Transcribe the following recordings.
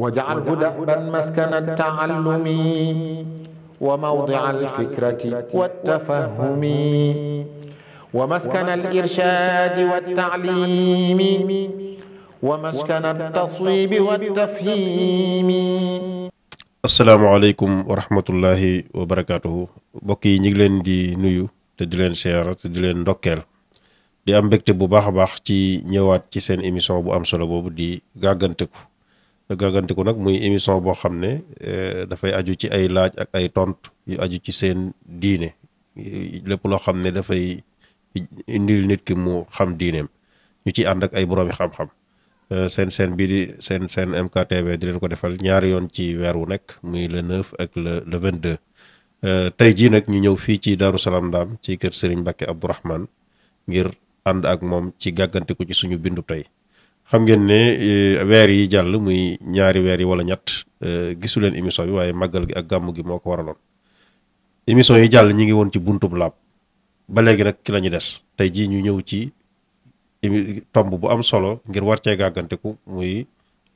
واجعله دأبا مسكن التعلم وموضع الفكرة والتفهم ومسكن الإرشاد والتعليم ومسكن التصويب والتفهيم asalaamaaleykum wa rahmatullahi wa barakaatuhu mbokk yi ñu ngi leen di nuyu te di leen seer te di leen ndokkeel di am mbégte bu baax a baax ci ñëwaat ci seen émission bu am solo boobu di gàgganteku gàggantiku nag muy émission boo xam ne eh, dafay aju ci ay laaj ak ay tont yu aju ci seen diine lépp loo xam ne dafay indil nit ki mu xam diineem ñu ci ànd ak ay boroomi xam-xam eh, seen seen bii di seen seen MKTV di leen ko defal ñaari yoon ci weer wu nekk muy le 9 ak le le 22. Eh, tey jii nag ñu ñëw fii ci Daaru Salaam Ndaam ci kër Serigne Mbacke Abdourahmane ngir ànd ak moom ci gàggantiku ci suñu bindu tey. xam ngeen ne eh, weer yi jàll muy ñaari weer yi wala ñett eh, gisu leen émission bi waaye màggal gi ak gàmm gi moo ko waraloon émission yi jàll ñi ngi woon ci buntub laab ba léegi nag ki la des tey jii ñu ñëw ci tomb bu am solo ngir war cee gàggante ku muy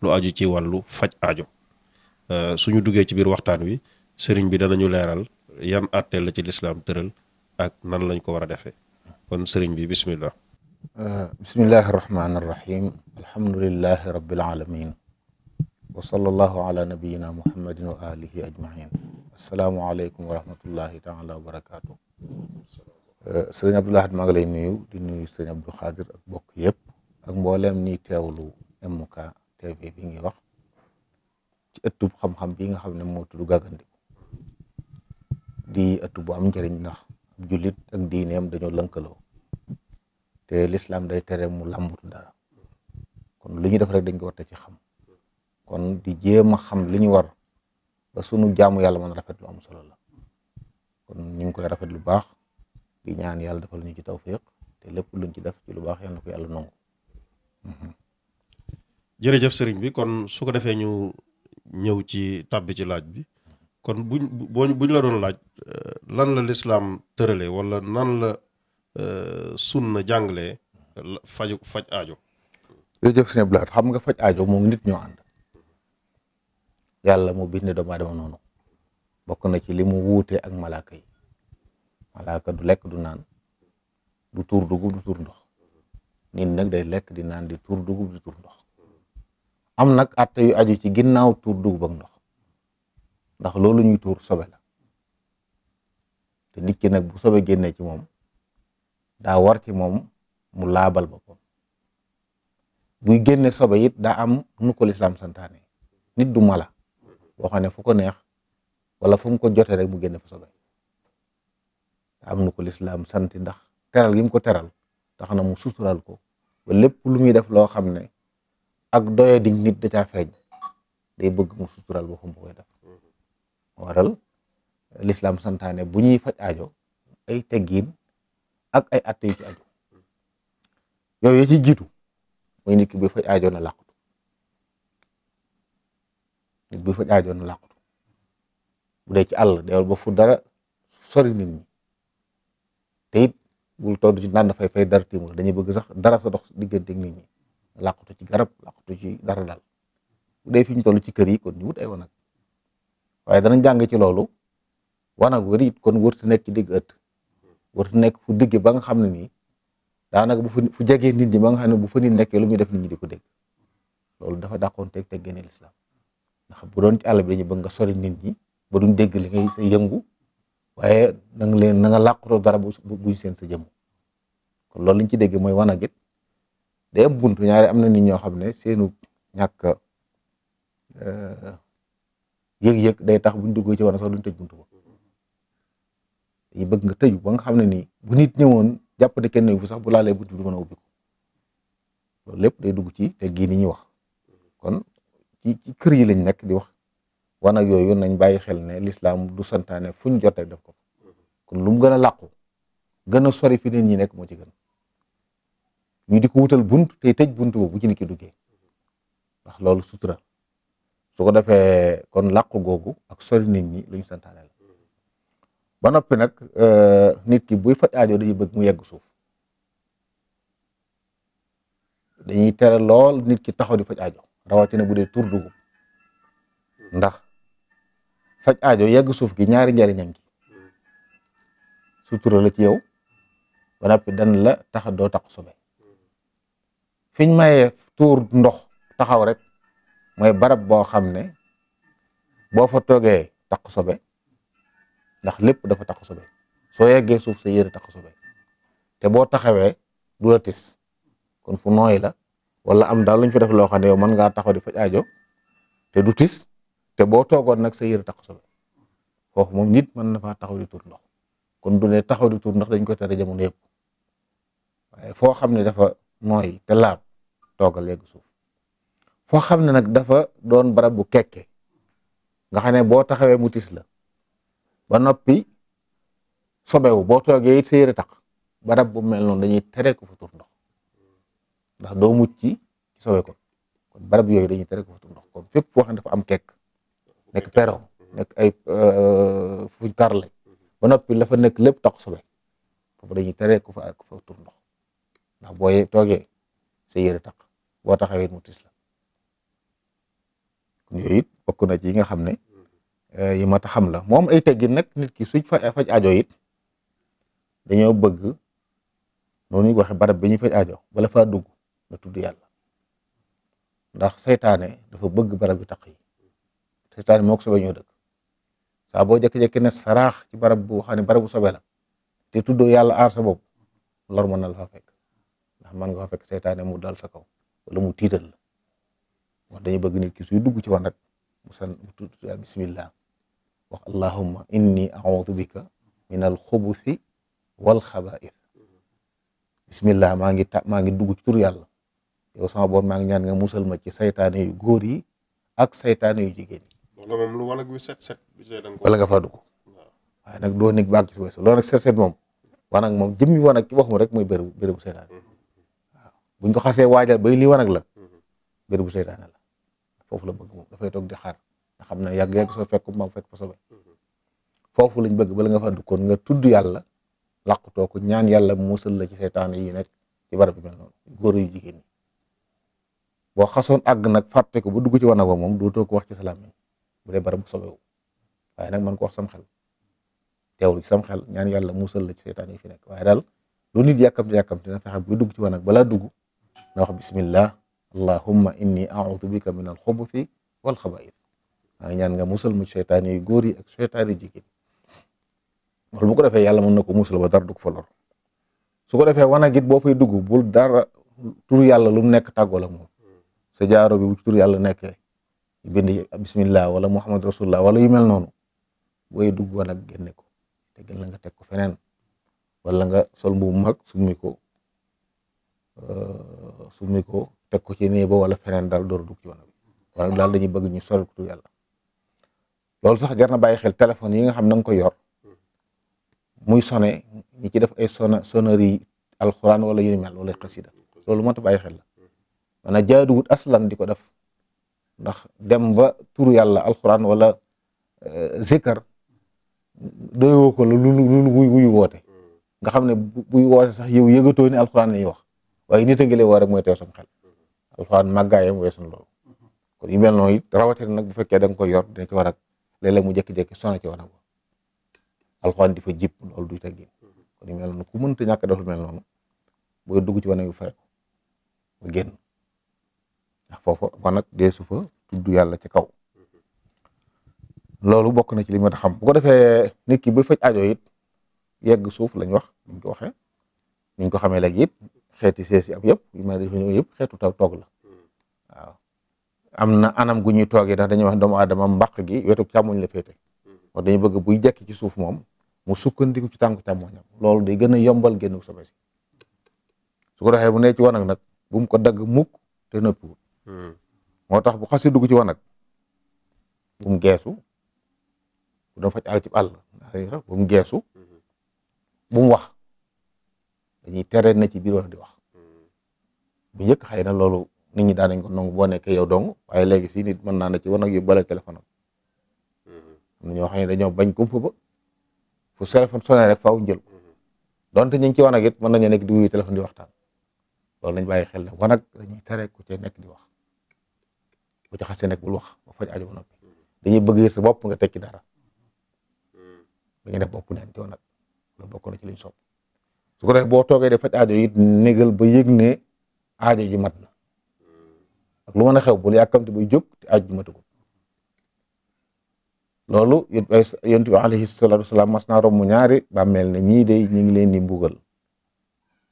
lu aju ci wàllu faj aajo eh, suñu duggee ci biir waxtaan wi sëriñ bi danañu leeral yan àttee la ci lislaam tëral ak nan lañ ko war a defee kon sëriñ bi bismillah bismillahi irrahmani irrahim alhamdulilahi rabilalamin wasala allahu ala nabiyina muhammadin wa alihi ajmain asalaamualeykum wa rahmatullahi taala wa barakatuh eh, sëriñ Abdou Lahad maa ngi lay nuyu di nuyu sëriñ Abdou Khadir ak bokk yëpp ak mbooleem ñiy teewlu MK TV bi ngi wax ci ëttub xam-xam bi nga xam ne moo tudd Gàggantiku di ëttub bu am njëriñ ndax ab jullit ak diineem dañoo lënkaloo te l'islam day tere mu làmbatu dara kon lu ñu def rek dañ ko war ci xam kon di jéem a xam li ñu war ba sunu jaamu yàlla mën rafet lu am solo la kon ñu ngi koy rafet lu baax di ñaan yàlla defal ñu ci tawfiq te lépp luñ ci def ci lu baax yàlla na ko yàlla mhm. sëriñ bi kon su ko defee ñu ñëw ci tàbbi ci laaj bi kon buñ buñ la doon laaj euh, lan la lislaam tërale wala nan la Euh, sunna jàngale faju faj aajo. jërëjëf sëñ Blaat xam nga faj ajo moom nit ñoo ànd yàlla mu bind doomu aadama noonu bokk na ci li mu wuutee ak malaaka yi malaaka du lekk du naan du tuur dugub du tuur ndox nit nag day lekk di naan di tuur dugub di tuur ndox am nag atte yu aju ci ginnaaw tuur dugub ak ndox ndax loolu ñuy tuur sobe la te nit nag bu sobe génnee ci moom daa war ci moom mu laabal ba boppam buy génne sobe it daa am nu ko lislaam santaane nit du mala boo xam ne fu ko neex wala fu mu ko jotee rek mu génne fa sobe daa am nu ko lislaam santi ndax teral gim ko teral tax na mu sutural ko ba lépp lu muy def loo xam ne ak doye di nit da caa feeñ day bëgg mu sutural boppam bu koy def waral lislaam santaane bu ñuy faj aajo ay teggiin ak ay atte yu ci aju yooyu ya ci jiitu mooy nit ki buy faj aajoon na làqatu nit buy faj aajoon na làqatu bu dee ci àll deewal ba fu dara sori nit ñi te it bul todd ci naan dafay fay dara tiimul dañuy bëgg sax dara sa dox diggante ak nit ñi làqatu ci garab làqatu ci dara dal bu dee fi ñu toll ci kër yi kon ñu wut ay wanag waaye danañ jàng ci loolu wana wër kon wër te nekk ci warut nekk fu digg ba nga xam ne nii daanaka bu fu jegee nit ñi ba xam ne bu fa nit nekkee lu muy def nit ñi di ko dégg loolu dafa dàqoon teg teg génne lislaam ndax bu doon ci àll bi dañu bëgg nga sori nit ñi ba duñ dégg li ngay yëngu waaye na nga leen na nga làqutoo dara bu seen sa jëmm kon loolu liñ ci dégg mooy wanag it day am buntu ñaari am na nit ñoo xam ne seenu ñàkk euh, yëg-yëg day tax buñ duggee ci wanag sax duñ tëj buntu bo dañuy bëgg nga tëju ba nga xam ne nii bu nit ñëwoon jàpp ne kenn bu sax bu laalee bunt bi du mën a ubbi ko loolu lépp day dugg ci te gii ni ñuy wax kon ci ci kër yi lañ nekk di wax wana yooyu nañ bàyyi xel ne lislaam du santaane fuñ jot rek def ko kon lu mu gën a làqu gën a sori fi nit ñi nekk moo ci gën ñu di ko wutal bunt tey tëj bunt bu ci nit ki duggee ndax loolu sutura su ko defee kon làqu googu ak sori nit ñi luñ santaane la ba noppi nag euh, nit ki buy faj aajo dañuy bëgg mu yegg suuf dañuy tere lool nit ki taxaw di faj aajo rawatina bu dee tur dugub ndax faj aajo yegg suuf gi ñaari njariñam gi sutura la ci yow ba noppi dan la tax doo tax sobe fiñ maye tuur ndox taxaw rek mooy barab boo xam ne boo fa toogee tax sobe ndax lépp dafa takk sobee soo yeggee suuf sa yére takk sobee te boo taxawee du la tis kon fu nooy la wala am daal lu ñu fa def loo xam ne yow mën ngaa taxaw di aajo te du tis te boo toogoon nag sa yére takk sobee foofu moom nit mën na faa taxaw di tur ndox kon du ne taxaw di tur ndox dañ koy tere jamono yëpp waaye foo xam ne dafa nooy te laab toogal léegi suuf foo xam ne nag dafa doon barab bu kekke nga xam ne boo taxawee mu tis la ba noppi sobewu boo toogee it sa yére tax barab bu mel noonu dañuy tere ko fa tur ndox ndax doo mucc ci sobe ko barab yooyu dañuy tere ko fa tur ndox kon fépp foo xam ne dafa am kekk nekk peron nekk ay euh, fuñ karle ba noppi la fa nekk lépp tax sobe foofu dañuy tere ko fa ko fa tur ndox ndax boo toogee sa yére tax boo taxawee mu yooyu it bokk na ci yi nga xam ne Eh, yi ma ta xam la moom ay teggin nag nit ki suñ fa faj aajo it dañoo bëgg noonu ñu waxee barab bi ñu faj bala faa dugg na tudd yàlla ndax seytaane dafa bëgg barab bi taq yi seytaane moo ko sobe ñoo dëkk saa boo jékki-jékki ne saraax ci barab bu xam ne barabu sobe la te tuddoo yàlla aar sa bopp lor mën na la fa fekk ndax mën nga fa fekk seytaane mu dal sa kaw wala mu tiital la wax dañuy bëgg nit ki suy dugg ci wan rek mu san mu tudd bismillah wax allahumma inni audu bika min al xubuthi wal xabaith bismillah maa ngi ta maa ngi dugg ci tur yàlla yow sama boon maa ngi ñaan nga musal ma ci saytaane yu góor yi ak saytaane yu jigéen yi loolu moom lu wala gu set set wala nga faa nag doo nekk bàgg ci weesu loolu nag moom wanag moom jëmmi wanag ci boppam rek mooy bérébu bérébu saytaane mm-hmm. waaw buñ ko xasee waajal bay lii wanag la mm-hmm. bérébu saytaane la foofu la bëgg moom dafay toog di xaar nga xam ne yàgg-yàgg soo fekk maam fekk fa sobe mm-hmm. foofu lañ bëgg bala nga fa duggoon nga tudd yàlla laqutoo ko ñaan yàlla musal la ci seytaane yi nekk ci barab bi mel noonu góor yu jigéen ñi boo xasoon àgg nag fàtte bu dugg ci wanag moom dootoo ko wax ci salaam bu dee barab bu sobewu waaye nag mën ko wax sam xel teewlu ci sam xel ñaan yàlla musal la ci seytaane yi fi nekk waaye daal lu nit yàkkamti yàkkamti na fexe bu dugg ci wanag balaa dugg na wax bismillah allahumma inni a'udhu bika min al xubuthi maa ngi nga musal mu seytaane góor yi ak seytaane yu jigéen loolu bu ko defee yàlla mën na ko musal ba dara du ko fa lor su ko defee wanag it boo fay dugg bul dara tur yàlla lu mu nekk tàggoo wala moom sa jaaro bi bu tur yàlla nekkee bind bismillah wala muhammad rasulullah wala yu mel noonu booy dugg wanag génne ko te gën la nga teg ko feneen wala nga sol mbubu mag summi ko euh, summi ko teg ko ci néeba wala feneen daal door dugg ci wana wala daal dañuy bëgg ñu sol tur yàlla loolu sax jar na bàyyi xel téléphone yi nga xam na nga ko yor muy sone ñi ci def ay sona sonnerie alxuraan wala yu ni mel wala xasida loolu moo tax bàyyi xel na maanaam jaaduwut aslan di ko def ndax dem ba turu yàlla alxuraan wala euh, zikar doyoo ko lu lu wuy wuy woote nga xam ne bu buy woote sax yow yëgatoo ni alxuraan la ñuy wax waaye nit a ngi lay war rek mooy teew sam xel weesu loolu kon yu mel noonu it rawatina nag bu fekkee da koy yor dina ci war léeg-léeg mu jékki-jékki sonn ci wanag alxuraan di difa jib loolu du teggin kon yu mel noonu ku mënta ñàkk def lu mel noonu booy dugg ci wanag yu fare ko ba génn ndax foofu wanag dee su fa tudd yàlla ci kaw loolu bokk na ci li ma xam bu ko defee nit ki bu faj aajo it yegg suuf lañ wax ni ko waxee ni ko xamee léegi it xeeti sees am yëpp yu mel ne yëpp xeetu taw toog la hmm. am na anam gu ñuy toogee ndax dañuy wax doomu aadama mbaq gi wetu càmmoñ la féete mm-hmm. wax dañuy bëgg buy jekki ci suuf moom mu sukkandiku ci tànku càmmoñam loolu day gën a yombal génn sobe si su ko doxee bu nee ci wanag nag bu ko dagg mukk te noppiwul mm-hmm. moo tax bu xasee dugg ci wanag bu geesu bu doon faj àll ci àll bu mu geesu mm-hmm. bu wax dañuy tere na ci biir wax di wax bu njëkk xëy na loolu nit ñi daan nañ ko nangu boo nekkee yow dong waaye léegi si nit mën naa na ci wan ak yóbbu bala téléphone am mm-hmm. ñoo xam ne dañoo bañ kumpa ba fu téléphone sonné rek faaw njël ko mm-hmm. donte ñu ngi ci wan ak it mën nañoo nekk di wuyu di waxtaan loolu nañ bàyyi xel ne wan ak dañuy ku ci nekk di wax bu ci xasee nekk bul wax ba faj aju ba noppi mm-hmm. dañuy bëgg sa bopp nga tekki dara dañuy def bopp neen bokk na ci liñ sopp su ko defee boo toogee def faj ba yëg ne aajo ji mat na lu mën a xew bul yàkkamti buy jóg te àjjuma tugul loolu yonent bi alayhi salaatu wasalaam mas naa mu ñaari bàmmeel na ñii de ñu ngi leen di mbugal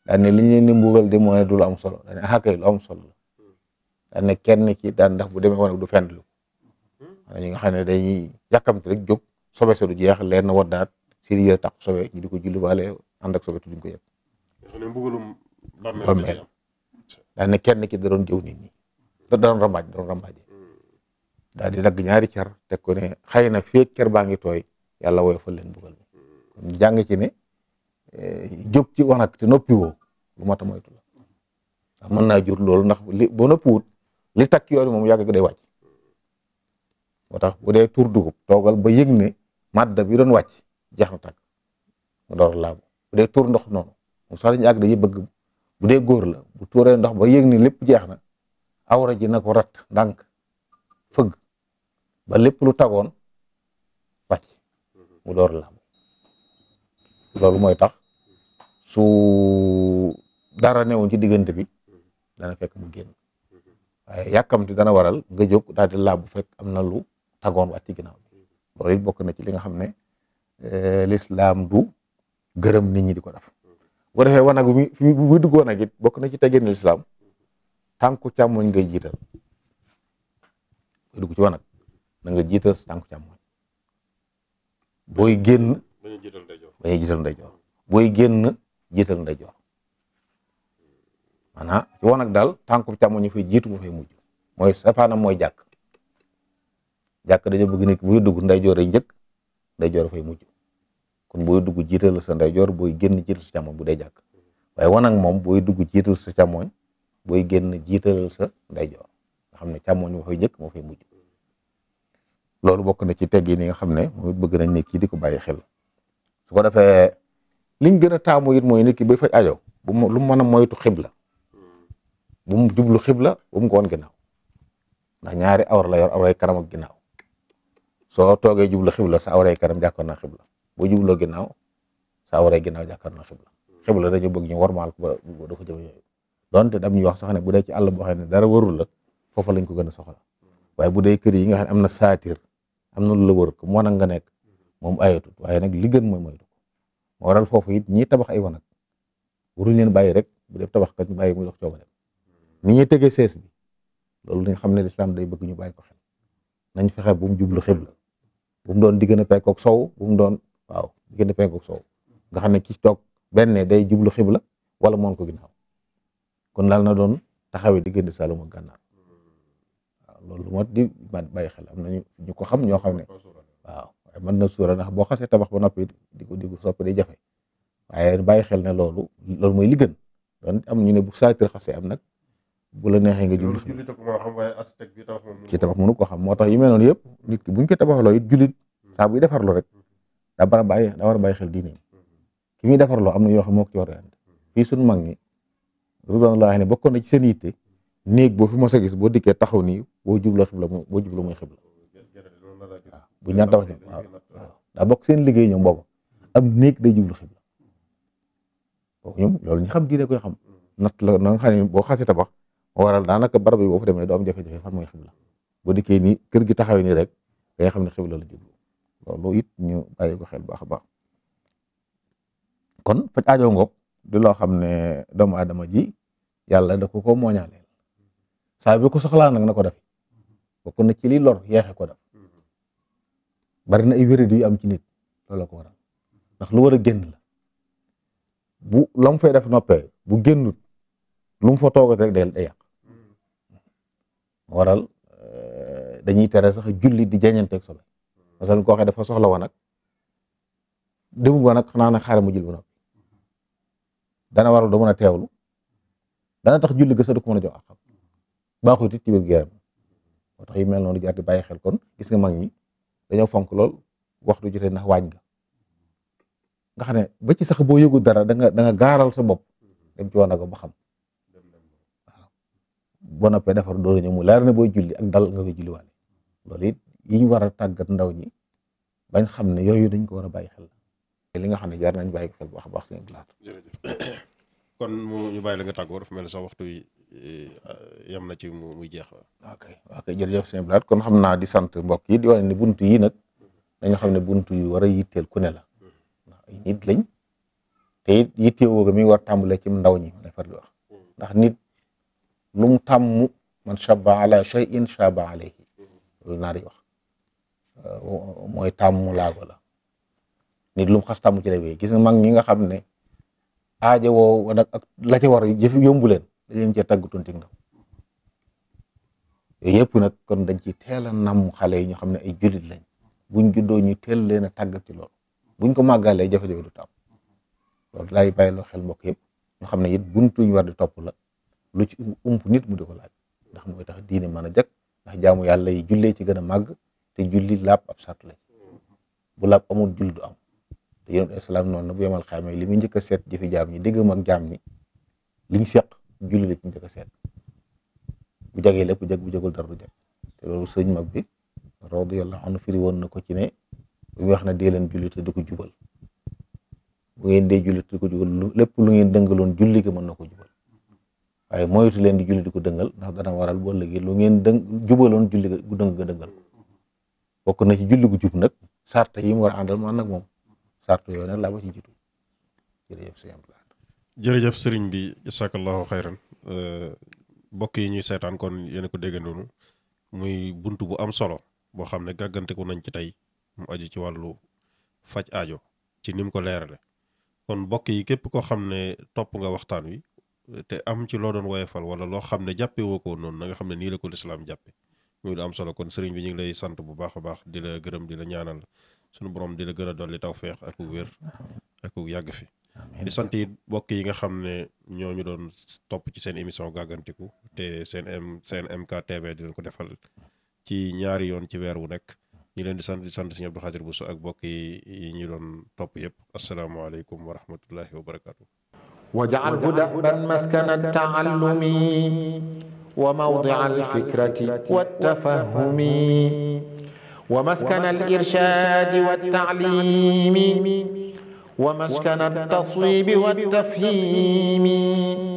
daan ne li ñu leen di de mooy du lu am solo daan ne ah kay lu am solo daan ne kenn ki daan ndax bu demee woon du fenn lu ñi nga xam ne dañuy yàkkamti rek jog sobe sa du jeex leen na waddaat si yére tax sobe ñu di ko julli baale ànd ak sobe tu duñ ko yëg. bàmmeel daan ne kenn ki da doon jëw nit ñi. te doon rambaaj doon rambaaj daal di dagg ñaari car teg ko ne xëy na fii car baa ngi tooy yàlla woyofal leen bugal bi kon jàng ci ne eh, jóg ci wanag te noppi woo lu mata moytu la ndax mën naa jur loolu ndax li boo noppiwut li takk yoon moom yàgg day wàcc moo tax bu dee tuur dugub toogal ba yëg ne madda bi doon wàcc jeex na tàkk mu door laabu bu dee tuur ndox noonu mu sax dañuy àgg dañuy bëgg bu dee góor la bu tuuree ndox ba yëg ne lépp jeex na awra ji na ko rat ndànk fëgg ba lépp lu tagoon wàcc mu door la loolu mooy tax su dara newoon ci diggante bi dana fekk mu génn waaye yàkkamti dana waral nga jóg daal di laabu fekk am na lu tagoon wàcc ginnaaw bi loolu bokk na ci li nga xam ne euh, lislaam du gërëm ni ñi di ko def bu ko defee wanag bi bu duggoon ak it bokk na ci tegeen lislaam tànku càmmoñ ngay jiital dugg ci wanag na nga jiital sa tànku càmmoñ booy génn bañ a jiital ndeyjoor bañ a jiital ndeyjoor booy génn jiital ndeyjoor maanaam ci wanag daal tànku càmmoñ ñu fay jiitu mu fay mujj mooy safaanam mooy jàkk jàkk dañoo bëgg nit buy dugg ndeyjoor ay njëkk ndeyjoor fay mujj kon booy dugg jiital sa ndeyjoor booy génn jiital sa càmmoñ bu dee jàkk waaye wanag moom booy dugg jiital sa càmmoñ booy génn jiitalal sa ndeyjoor nga xam ne càmmoñ moo fay njëkk moo fay mujj loolu bokk na ci tegg yi nga xam ne mooy bëgg nañ ne di ko bàyyi xel su ko defee liñ gën a taamu it mooy nit ki bay faj ajo bu mu lu mën a moytu xibla bu mu jublu xibla bu mu ko woon ginnaaw ndax ñaari awra la yor awray karam ak soo toogee jublu xibla sa awray karam jàkkoon na xibla boo jubloo ginnaaw sa awray ginnaaw jàkkoon na xibla xibla dañu bëgg ñu warmaal ko ba da ko jëm yooyu donte am ñuy wax sax ne bu dee ci àll boo xam ne dara warul la foofa lañ ko gën a soxla waaye bu dee kër yi nga xam ne am na saatir am na lu la wër ko mu wanag nga nekk moom ayatut waaye nag li gën mooy moytu ko moo waral foofu it ñi tabax ay wanag warul leen bàyyi rek bu def tabax kat ñu bàyyi muy dox coobareem ni ñuy tegee sees bi loolu dañ xam ne lislaam day bëgg ñu bàyyi ko xel nañ fexe bu mu jublu xibla bu mu doon diggante penkook sow bu mu doon waaw diggante penkook sow nga xam ne ki toog benn day jublu xibla wala moon ko kon laal na doon taxawee diggante Saalum ak Gànnaar mm-hmm. waaw loolu moo di man bàyyi xel am nañu ñu ko xam ñoo xam ne waaw waaye mën na suura ndax boo xasee tabax ba noppi di ko di ko soppi day jafe waaye bàyyi xel ne loolu loolu mooy li gën am ñu ne bu saatir xasee am nag bu la neexee nga julli ci tabax mënu ko xam moo tax yu mel noonu yëpp nit ki buñ ko tabaxloo it jullit mm-hmm. saa buy defarloo rek daa war a bàyyi daa war a bàyyi xel diine mm-hmm. ki am na yoo xam moo ko ci war a fii suñu mag ñi ridwanullahi ne bokkoon na ci seen yitte néeg boo fi mos a gis boo dikkee taxaw nii boo jubloo xibla boo jubloo mooy xibla bu ñaan tabax waaw daa bokk seen liggéey ñoom boobu am néeg day jublu xibla boobu ñoom loolu ñu xam diine koy xam natt la na nga xam ne boo xasee tabax waral daanaka barab yi boo fa demee doo am jafe-jafe fan mooy xibla boo dikkee nii kër gi taxawee nii rek da nga xam ne xibla la jublu loolu it ñu bàyyi ko xel baax a baax kon faj aajo ngoog du loo xam ne doomu aadama ji yàlla da ko ko mooñaaleel saa bi ko soxlaa nag na ko def bokk na ci li lor yeexe ko def bari na ay wéradi yu am ci nit loolu ko waral ndax lu war a génn la bu la mu fay def noppee bu génnut lu mu fa toogat rek day da yàq waral eh, dañuy tere sax julli di jañanteeg solo parce que koo xam dafa soxla woon nag demul woon nag xanaa na xaaral ma jël bu noppi dana waral doo mën a teewlu dana tax julli gëstu du ko mën a jox ak xam baaxut it ci biir géram tax yi mel noonu jaar di bàyyi xel kon gis nga mag ñi dañoo fonk lool waxtu jotee ndax waañ ga nga xam ne ba sax boo yëgu dara danga nga da nga gaaral sa bopp dem ci wàllu ba xam waaw boo noppee defar doo ñëw mu leer na booy julli ak dal nga koy julliwaale loolu it yi ñu war a tàggat ndaw ñi bañ xam ne yooyu dañ ko war a bàyyi xel. li nga xam ne jar nañ bàyyi ko xel bu baax kon mu ñu bàyyi la nga tàggoo dafa mel ne sax waxtu eh, yam na ci mu jeex waaw kay waaw kay jërëjëf sëñ kon xam naa di sant mbokk yi di wax ne buntu yi nag dañu xam ne buntu yu war a yitteel ku ne la ndax ay nit lañ te it yittewoo mi ngi war tàmbalee ci ndaw ñi ma far di wax ndax nit lu mu tàmm man shaba ala shay'in shaba alayhi loolu naa di wax eh, mooy nit lu mu xas ci lay wéy gis nga mag ñi nga xam ne aaja woo nag la ca war jëf yombu leen da leen cee tàggu tontig ndaw yooyu yëpp nag kon dañ ci teel a xale yi ñu xam ne ay jullit lañ buñ juddoo ñu teel leen a tàggat ci loolu buñ ko màggalee jafe-jafe du taw loolu laay loo xel mbokk yëpp ñu xam ne it buntu ñu war di topp la lu ci ump nit mu di ko laaj ndax mooy tax diine mën a jag ndax jaamu yàlla yi julle ci gën a màgg te julli laab ab bu laab amul julli du am yonent islam noonu na bu yemal xaamee li mu njëkk a seet jëfi jaam ñi diggam ak jaam ñi liñ seq julli la ci njëkk seet bu jagee lépp jag bu jagul dara du jag te loolu sëñ mag bi radiyallahu anhu firi woon na ko ci ne bu wax na dee leen julli te di ko jubal bu ngeen dee julli te di lépp lu ngeen dëngaloon julli mën na ko jubal waaye moytu leen di julli di ko dëngal ndax dana waral boo léegi lu ngeen dëng jubaloon julli gu dëng nga na ci julli gu jub nag sarta yi mu war a àndal man nag moom sart yooyu nag laa ba jërëjëf sëñ Abdou Lahad jërëjëf sëriñ bi jasakallahu xayran mbokk yi ñuy seetaan kon yéen ko déggandoonu muy bunt bu am solo boo xam ne gàgganteku nañ ci tey mu aju ci wàllu faj aajo ci ni mu ko leerale kon mbokk yi képp koo xam ne topp nga waxtaan wi te am ci loo doon fal wala loo xam ne jàppe woo ko noonu na nga xam ne nii la ko lislaam jàppe muy lu am solo kon sëriñ bi ñu ngi lay sant bu baax a baax di la gërëm di la ñaanal sunu borom dina la gën a dolli tawféex ak wér ak yàgg fi. di sant it mbokk yi nga xam ne ñoo ñu doon topp ci seen émission gàggantiku te seen M seen MKTV di leen ko defal ci ñaari yoon ci weer wu nekk ñi leen di sant di sant Sëriñ Abdou so Bousso ak mbokk yi ñu doon topp yëpp asalaamaaleykum wa rahmatullahi wa barakaatu. واجعله دأبا مسكن التعلم وموضع الفكرة والتفهم ومسكن الإرشاد والتعليم ومسكن التصويب والتفهيم